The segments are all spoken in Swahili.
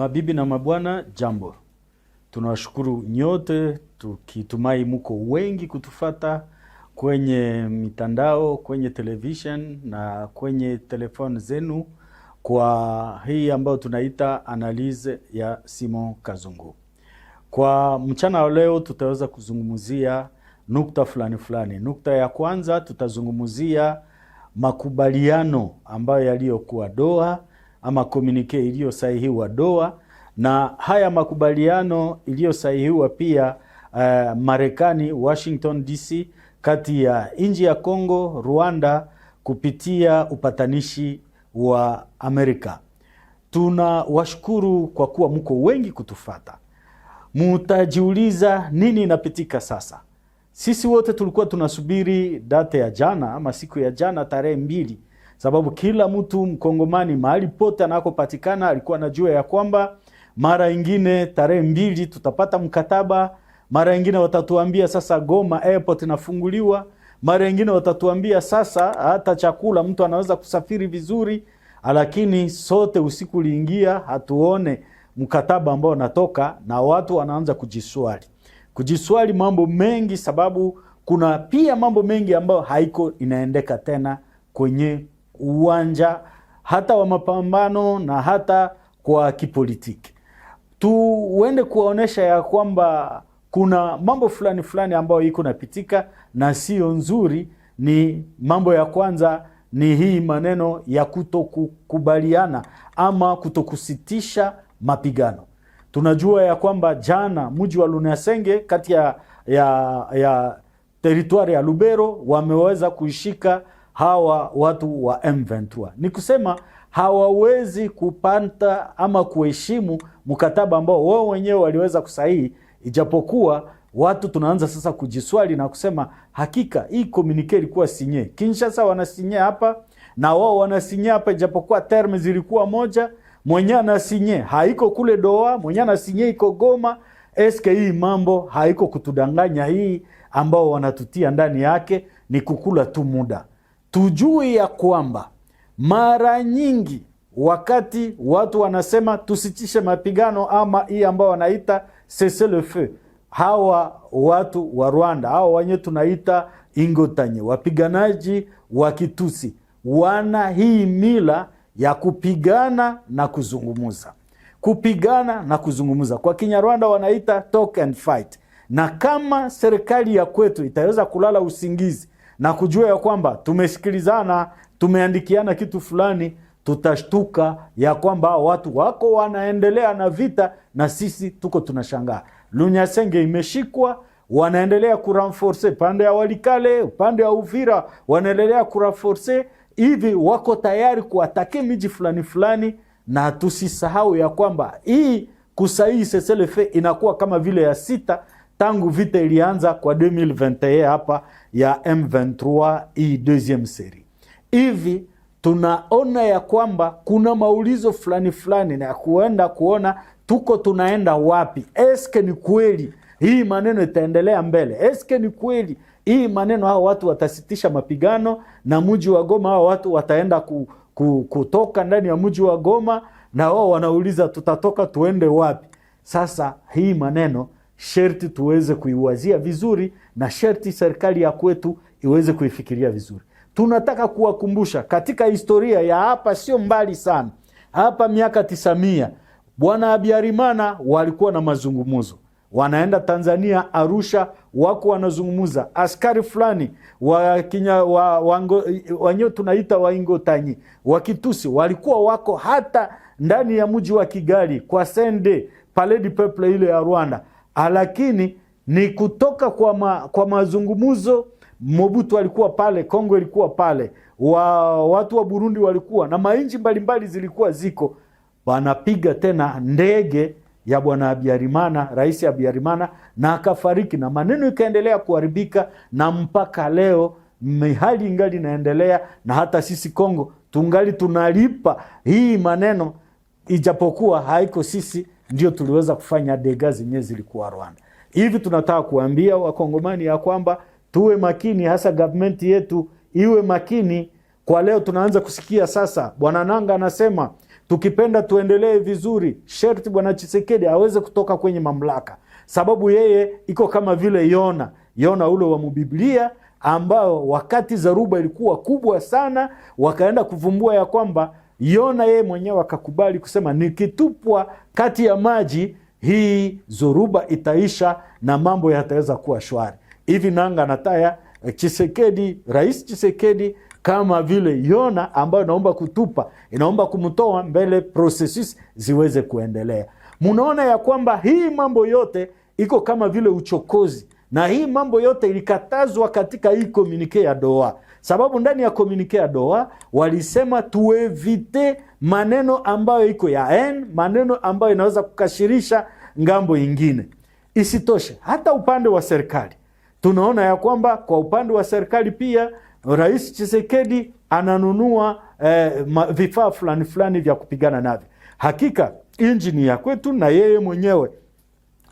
Mabibi na mabwana, jambo. Tunawashukuru nyote, tukitumai muko wengi kutufata kwenye mitandao, kwenye television na kwenye telefoni zenu kwa hii ambayo tunaita analize ya Simon Kazungu. Kwa mchana wa leo tutaweza kuzungumzia nukta fulani fulani. Nukta ya kwanza tutazungumzia makubaliano ambayo yaliyokuwa Doha ama komunike iliyosahihiwa Doha, na haya makubaliano iliyosahihiwa pia uh, Marekani, Washington DC, kati ya nchi ya Kongo, Rwanda kupitia upatanishi wa Amerika. Tunawashukuru kwa kuwa mko wengi kutufata. Mutajiuliza nini inapitika sasa? Sisi wote tulikuwa tunasubiri date ya jana ama siku ya jana tarehe mbili sababu kila mtu mkongomani mahali pote anakopatikana alikuwa anajua ya kwamba mara ingine tarehe mbili tutapata mkataba, mara ingine watatuambia sasa Goma airport inafunguliwa, mara ingine watatuambia sasa hata chakula mtu anaweza kusafiri vizuri, lakini sote usiku uliingia, hatuone mkataba ambao unatoka, na watu wanaanza kujiswali kujiswali mambo mengi, sababu kuna pia mambo mengi ambayo haiko inaendeka tena kwenye uwanja hata wa mapambano na hata kwa kipolitiki, tuende kuwaonyesha ya kwamba kuna mambo fulani fulani ambayo iko napitika na sio nzuri. Ni mambo ya kwanza ni hii maneno ya kutokukubaliana ama kutokusitisha mapigano. Tunajua ya kwamba jana mji wa Lunyasenge kati ya, ya, ya teritwari ya Lubero wameweza kuishika hawa watu wa M23. Ni kusema hawawezi kupata ama kuheshimu mkataba ambao wao wenyewe waliweza kusahihi, ijapokuwa watu tunaanza sasa kujiswali na kusema hakika hii komunike ilikuwa sinye Kinshasa, wanasinye hapa na wao wanasinye hapa, ijapokuwa term zilikuwa moja. Mwenye anasinye haiko kule Doha, mwenye anasinye iko Goma. Eske hii mambo haiko kutudanganya? Hii ambao wanatutia ndani yake ni kukula tu muda tujue ya kwamba mara nyingi wakati watu wanasema tusitishe mapigano ama hii ambao wanaita cessez le feu, hawa watu wa Rwanda hawa wenye tunaita ingotanye wapiganaji wa Kitusi wana hii mila ya kupigana na kuzungumuza, kupigana na kuzungumuza. Kwa Kinyarwanda wanaita talk and fight, na kama serikali ya kwetu itaweza kulala usingizi na kujua ya kwamba tumesikilizana, tumeandikiana kitu fulani, tutashtuka ya kwamba watu wako wanaendelea na vita na sisi tuko tunashangaa. Lunyasenge imeshikwa wanaendelea kuranforce pande ya Walikale, upande ya Uvira wanaendelea kuranforce hivi, wako tayari kuatake miji fulani fulani, na tusisahau ya kwamba hii kusahihi seselefe inakuwa kama vile ya sita tangu vita ilianza kwa 2021 hapa ya M23 hii deuxième série. hivi tunaona ya kwamba kuna maulizo fulani fulani na kuenda kuona tuko tunaenda wapi. Eske ni kweli hii maneno itaendelea mbele? Eske ni kweli hii maneno, hao watu watasitisha mapigano na mji wa Goma, hao watu wataenda ku, ku, kutoka ndani ya mji wa Goma, na wao wanauliza tutatoka tuende wapi? Sasa hii maneno sherti tuweze kuiwazia vizuri, na sherti serikali ya kwetu iweze kuifikiria vizuri. Tunataka kuwakumbusha katika historia ya hapa, sio mbali sana, hapa miaka tisamia, bwana abiarimana walikuwa na mazungumzo wanaenda Tanzania Arusha, wako wanazungumza askari fulani wa wa, wanyo tunaita waingotanyi wakitusi walikuwa wako hata ndani ya mji wa Kigali kwa sende paledi peple ile ya Rwanda Ah, lakini ni kutoka kwa, ma, kwa mazungumzo. Mobutu alikuwa pale, Kongo ilikuwa pale, wa, watu wa Burundi walikuwa na mainji mbalimbali zilikuwa ziko, wanapiga tena ndege ya bwana Abiarimana, rais Abiarimana, na akafariki, na maneno ikaendelea kuharibika, na mpaka leo hali ingali inaendelea, na hata sisi Kongo tungali tunalipa hii maneno, ijapokuwa haiko sisi ndio tuliweza kufanya dega zenyewe zilikuwa Rwanda. Hivi tunataka kuambia wakongomani ya kwamba tuwe makini, hasa government yetu iwe makini. Kwa leo tunaanza kusikia sasa, bwana Nanga anasema tukipenda tuendelee vizuri, sherti bwana Chisekedi aweze kutoka kwenye mamlaka, sababu yeye iko kama vile Yona, Yona ule wa mubiblia ambao wakati zaruba ilikuwa kubwa sana, wakaenda kuvumbua ya kwamba Yona yeye mwenyewe akakubali kusema, nikitupwa kati ya maji hii zoruba itaisha na mambo yataweza kuwa shwari. Hivi nanga nataya eh, Chisekedi, Rais Chisekedi kama vile Yona ambayo inaomba kutupa, inaomba kumtoa mbele, processes ziweze kuendelea. Munaona ya kwamba hii mambo yote iko kama vile uchokozi na hii mambo yote ilikatazwa katika hii komunike ya Doha, sababu ndani ya komunike ya Doha walisema tuevite maneno ambayo iko ya en, maneno ambayo inaweza kukashirisha ngambo ingine. Isitoshe, hata upande wa serikali tunaona ya kwamba kwa upande wa serikali pia Rais chisekedi ananunua eh, vifaa fulani fulani vya kupigana navyo. Hakika injini ya kwetu na yeye mwenyewe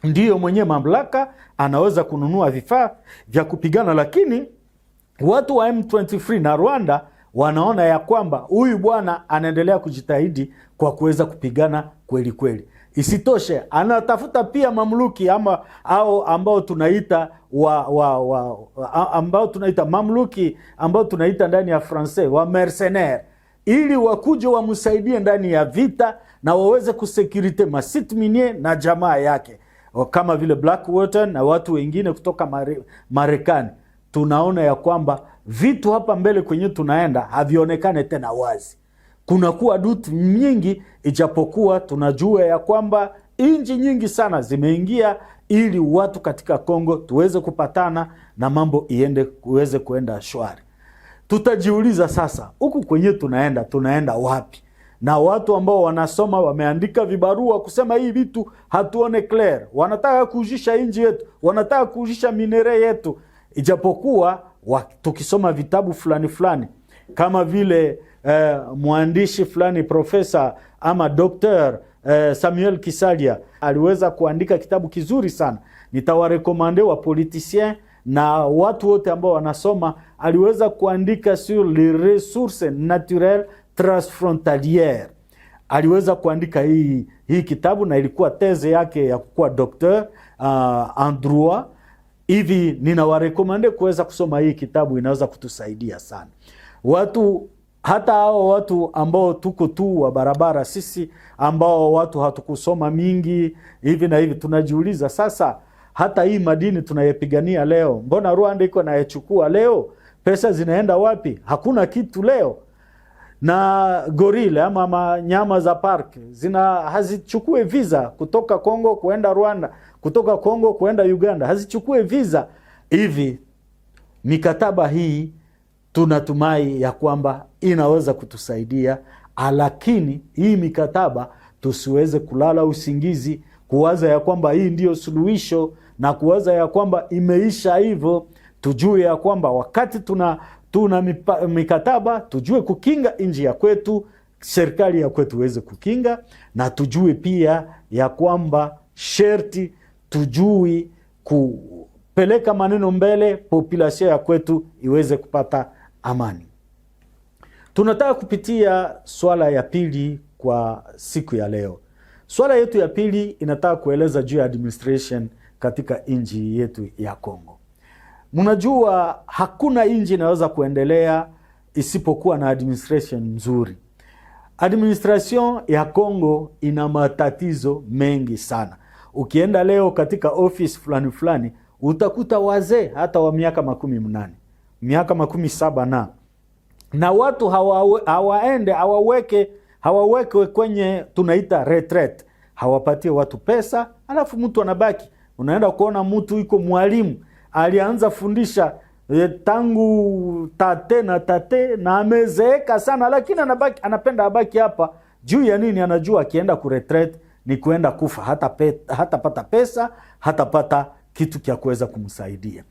ndiyo mwenye mamlaka, anaweza kununua vifaa vya kupigana, lakini watu wa M23 na Rwanda wanaona ya kwamba huyu bwana anaendelea kujitahidi kwa kuweza kupigana kweli kweli. Isitoshe, anatafuta pia mamluki ama au ambao tunaita wa, wa, wa, ambao tunaita mamluki ambao tunaita ndani ya francais wa mercenaire ili wakuje wamsaidie ndani ya vita na waweze kusekurite masit na jamaa yake kama vile Blackwater na watu wengine kutoka Marekani, tunaona ya kwamba vitu hapa mbele kwenye tunaenda havionekane tena wazi, kunakuwa dutu nyingi, ijapokuwa tunajua ya kwamba nchi nyingi sana zimeingia ili watu katika Kongo tuweze kupatana na mambo iende kuweze kuenda shwari. Tutajiuliza sasa, huku kwenye tunaenda tunaenda wapi? na watu ambao wanasoma wameandika vibarua kusema hii vitu hatuone clear, wanataka kuujisha inji yetu, wanataka kuujisha minere yetu, ijapokuwa tukisoma vitabu fulani fulani kama vile eh, mwandishi fulani profesa ama doktor eh, Samuel Kisalia aliweza kuandika kitabu kizuri sana, nitawarekomande wa politicien na watu wote ambao wanasoma. Aliweza kuandika sur les ressources naturelles transfrontaliere. Aliweza kuandika hii, hii kitabu na ilikuwa teze yake ya kukuwa docteur uh, Andrua. hivi. Ninawarekomande kuweza kusoma hii kitabu, inaweza kutusaidia sana watu hata hao watu ambao tuko tu wa barabara, sisi ambao watu hatukusoma mingi hivi na hivi, tunajiuliza sasa, hata hii madini tunayepigania leo, mbona Rwanda iko nayechukua leo? Pesa zinaenda wapi? Hakuna kitu leo na gorila ama nyama za park zina hazichukue visa kutoka Kongo kuenda Rwanda, kutoka Kongo kuenda Uganda, hazichukue visa hivi. Mikataba hii tunatumai ya kwamba inaweza kutusaidia, lakini hii mikataba tusiweze kulala usingizi kuwaza ya kwamba hii ndiyo suluhisho na kuwaza ya kwamba imeisha hivyo. Tujue ya kwamba wakati tuna tuna mipa, mikataba tujue kukinga nchi ya kwetu, serikali ya kwetu iweze kukinga, na tujue pia ya kwamba sherti tujui kupeleka maneno mbele, populasion ya kwetu iweze kupata amani. Tunataka kupitia swala ya pili kwa siku ya leo. Swala yetu ya pili inataka kueleza juu ya administration katika nchi yetu ya Kongo mnajua hakuna nchi inaweza kuendelea isipokuwa na administration nzuri. Administration ya congo ina matatizo mengi sana. Ukienda leo katika ofisi fulani fulani utakuta wazee hata wa miaka makumi mnane miaka makumi saba na na watu hawa, hawaende hawaweke hawawekwe kwenye tunaita retret, hawapatie watu pesa, alafu mtu anabaki. Unaenda kuona mtu iko mwalimu alianza fundisha e, eh, tangu tate na tate na amezeeka sana, lakini anabaki, anapenda abaki hapa juu ya nini? Anajua akienda ku ni kuenda kufa, hatapata hata pesa, hatapata kitu kya kuweza kumsaidia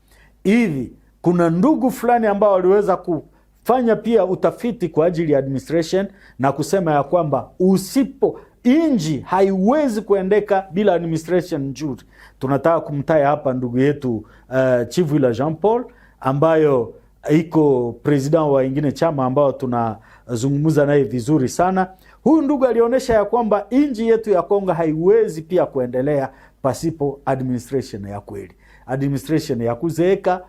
hivi. Kuna ndugu fulani ambao waliweza kufanya pia utafiti kwa ajili ya administration na kusema ya kwamba usipo Inji haiwezi kuendeka bila administration nzuri. Tunataka kumtaya hapa ndugu yetu uh, eh, Chivwila Jean Paul ambayo iko president wa ingine chama ambayo tunazungumza naye vizuri sana. Huyu ndugu alionyesha ya kwamba inji yetu ya Kongo haiwezi pia kuendelea pasipo administration ya kweli, administration ya kuzeeka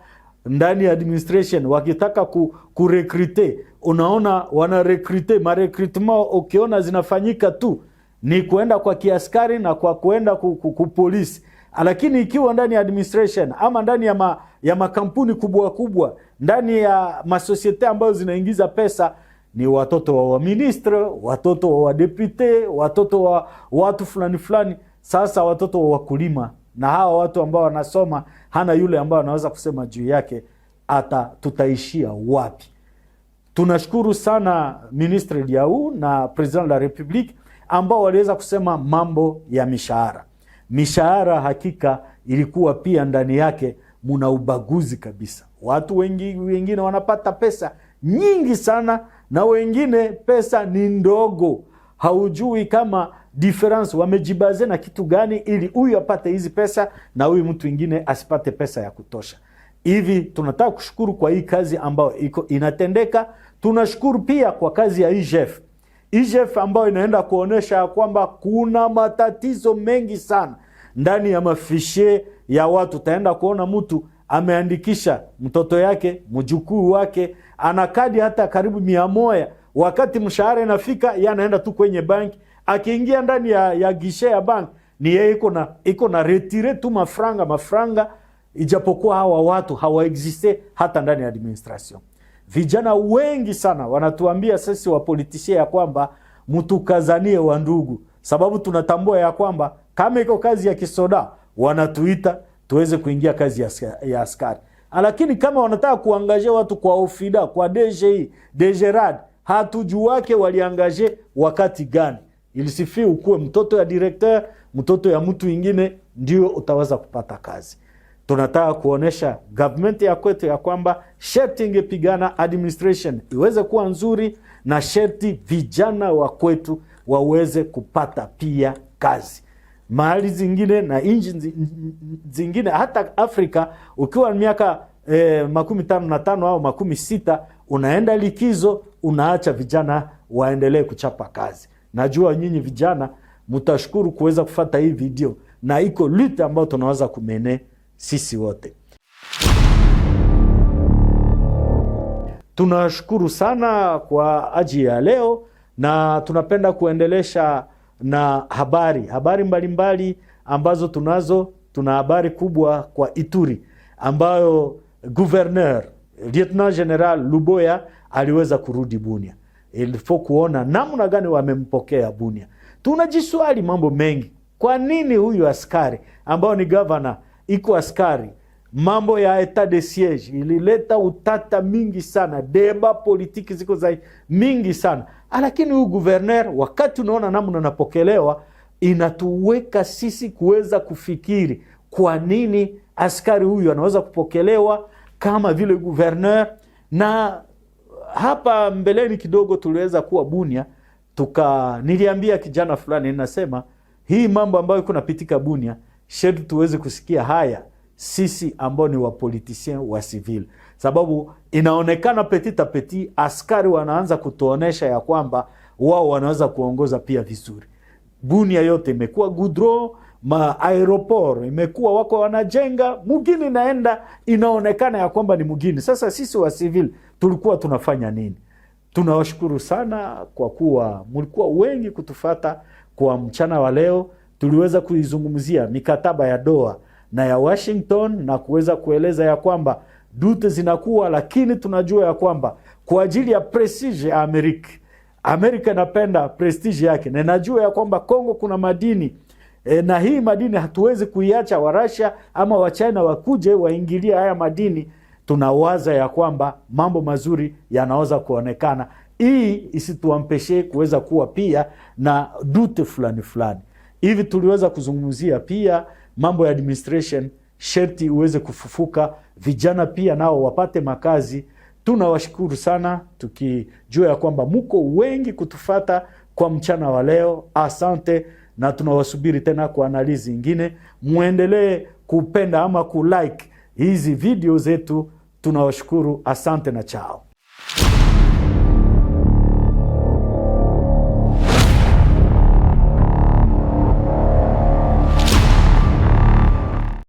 ndani ya administration wakitaka ku, kurekrite, unaona wanarekrite marekrutema, ukiona zinafanyika tu ni kuenda kwa kiaskari na kwa kuenda kupolisi, lakini ikiwa ndani ya administration ama ndani ya, ma, ya makampuni kubwa kubwa, ndani ya masosiete ambayo zinaingiza pesa ni watoto wa waministre, watoto wa wadepute, watoto wa watu fulani fulani. Sasa watoto wa wakulima na hawa watu ambao wanasoma, hana yule ambayo anaweza kusema juu yake, hata tutaishia wapi? Tunashukuru sana Ministre Diaou na President la Republique ambao waliweza kusema mambo ya mishahara. Mishahara hakika ilikuwa pia ndani yake muna ubaguzi kabisa. Watu wengi, wengine wanapata pesa nyingi sana na wengine pesa ni ndogo, haujui kama difference wamejibaze na kitu gani, ili huyu apate hizi pesa na huyu mtu mwingine asipate pesa ya kutosha. Hivi tunataka kushukuru kwa hii kazi ambayo iko inatendeka. Tunashukuru pia kwa kazi ya chef. IGF e ambayo inaenda kuonyesha ya kwamba kuna matatizo mengi sana ndani ya mafishe ya watu. Utaenda kuona mtu ameandikisha mtoto yake, mjukuu wake, ana kadi hata karibu mia moja, wakati mshahara inafika yeye anaenda tu kwenye banki, akiingia ndani ya, ya gishe ya banki ni yeye iko na iko na retire tu mafranga mafranga, ijapokuwa hawa watu hawaexiste hata ndani ya administration. Vijana wengi sana wanatuambia sisi wapolitisia ya kwamba mtukazanie wa ndugu, sababu tunatambua ya kwamba kama iko kazi ya kisoda wanatuita tuweze kuingia kazi ya askari, ah, lakini kama wanataka kuangaje watu kwa ofida kwa DGI DGRAD, hatujuu wake waliangaje wakati gani. Ilisifii ukuwe mtoto ya direkter mtoto ya mtu ingine, ndio utaweza kupata kazi tunataka kuonesha government ya kwetu ya kwamba sherti ingepigana administration iweze kuwa nzuri, na sherti vijana wa kwetu waweze kupata pia kazi mahali zingine na nchi zingine, hata Afrika. Ukiwa miaka eh, makumi tano na tano au makumi sita unaenda likizo, unaacha vijana waendelee kuchapa kazi. Najua nyinyi vijana mtashukuru kuweza kufata hii video, na iko lute ambayo tunaweza kumene sisi wote. Tunashukuru sana kwa ajili ya leo, na tunapenda kuendelesha na habari habari mbalimbali mbali ambazo tunazo. Tuna habari kubwa kwa Ituri ambayo gouverneur lieutenant general Luboya aliweza kurudi Bunia. ilipo kuona namna gani wamempokea Bunia. Tunajiswali mambo mengi, kwa nini huyu askari ambao ni gavana iko askari, mambo ya etat de siege ilileta utata mingi sana, deba politiki ziko za mingi sana ah, lakini huyu guverner, wakati unaona namna unapokelewa, inatuweka sisi kuweza kufikiri kwa nini askari huyu anaweza kupokelewa kama vile guverner. Na hapa mbeleni kidogo tuliweza kuwa Bunia tuka, niliambia kijana fulani, ninasema hii mambo ambayo napitika Bunia shetu tuweze kusikia haya sisi ambao ni wapolitisien wa sivil, sababu inaonekana petit a petit askari wanaanza kutuonesha ya kwamba wao wanaweza kuongoza pia vizuri. Bunia yote imekuwa gudro ma aeroport imekuwa wako wanajenga mugini naenda, inaonekana ya kwamba ni mugini. Sasa sisi wa sivil tulikuwa tunafanya nini? Tunawashukuru sana kwa kuwa mlikuwa wengi kutufata kwa mchana wa leo tuliweza kuizungumzia mikataba ya Doha na ya Washington na kuweza kueleza ya kwamba dute zinakuwa, lakini tunajua ya kwamba kwa ajili ya prestige ya Amerika, Amerika inapenda prestige yake, na najua ya kwamba Kongo kuna madini e, na hii madini hatuwezi kuiacha Warasha ama Wachina wakuje waingilie haya madini. Tunawaza ya kwamba mambo mazuri yanaweza kuonekana, hii isituampeshe kuweza kuwa pia na dute fulani fulani hivi tuliweza kuzungumzia pia mambo ya administration, sherti uweze kufufuka, vijana pia nao wapate makazi. Tunawashukuru sana tukijua ya kwamba mko wengi kutufata kwa mchana wa leo. Asante, na tunawasubiri tena kwa analizi ingine. Mwendelee kupenda ama kulike hizi video zetu. Tunawashukuru, asante na chao.